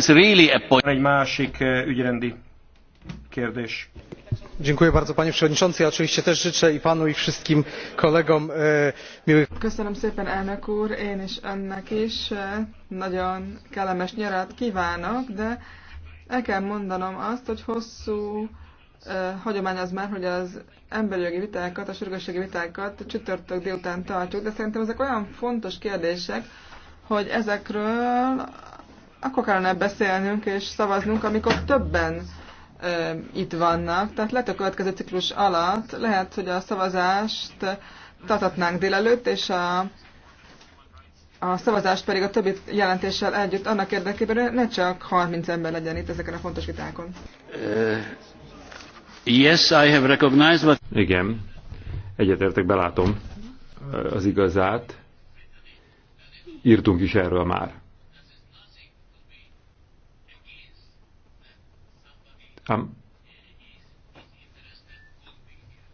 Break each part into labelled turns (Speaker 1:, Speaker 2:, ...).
Speaker 1: is really a point. Egy másik eh, ügyrendi kérdés.
Speaker 2: Dziękuję bardzo panie przewodniczący. oczywiście też życzę i panu i wszystkim kolegom e, miłych...
Speaker 3: Köszönöm szépen elnök úr, én is önnek is e, nagyon kellemes nyarat kívánok, de el kell mondanom azt, hogy hosszú e, hagyomány az már, hogy az emberi jogi vitákat, a sürgősségi vitákat csütörtök délután tartjuk, de szerintem ezek olyan fontos kérdések, hogy ezekről akkor kellene beszélnünk és szavaznunk, amikor többen ö, itt vannak. Tehát lehet a következő ciklus alatt, lehet, hogy a szavazást tartatnánk délelőtt, és a, a szavazást pedig a többi jelentéssel együtt annak érdekében, hogy ne csak 30 ember legyen itt ezeken a fontos vitákon.
Speaker 1: Uh, yes, I have recognized, what... Igen, egyetértek, belátom az igazát. Írtunk is erről már. Ám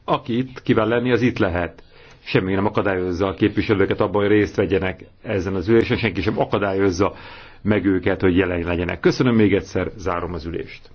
Speaker 1: aki itt kíván lenni, az itt lehet. Semmi nem akadályozza a képviselőket abban, hogy részt vegyenek ezen az ülésen, senki sem akadályozza meg őket, hogy jelen legyenek. Köszönöm még egyszer, zárom az ülést.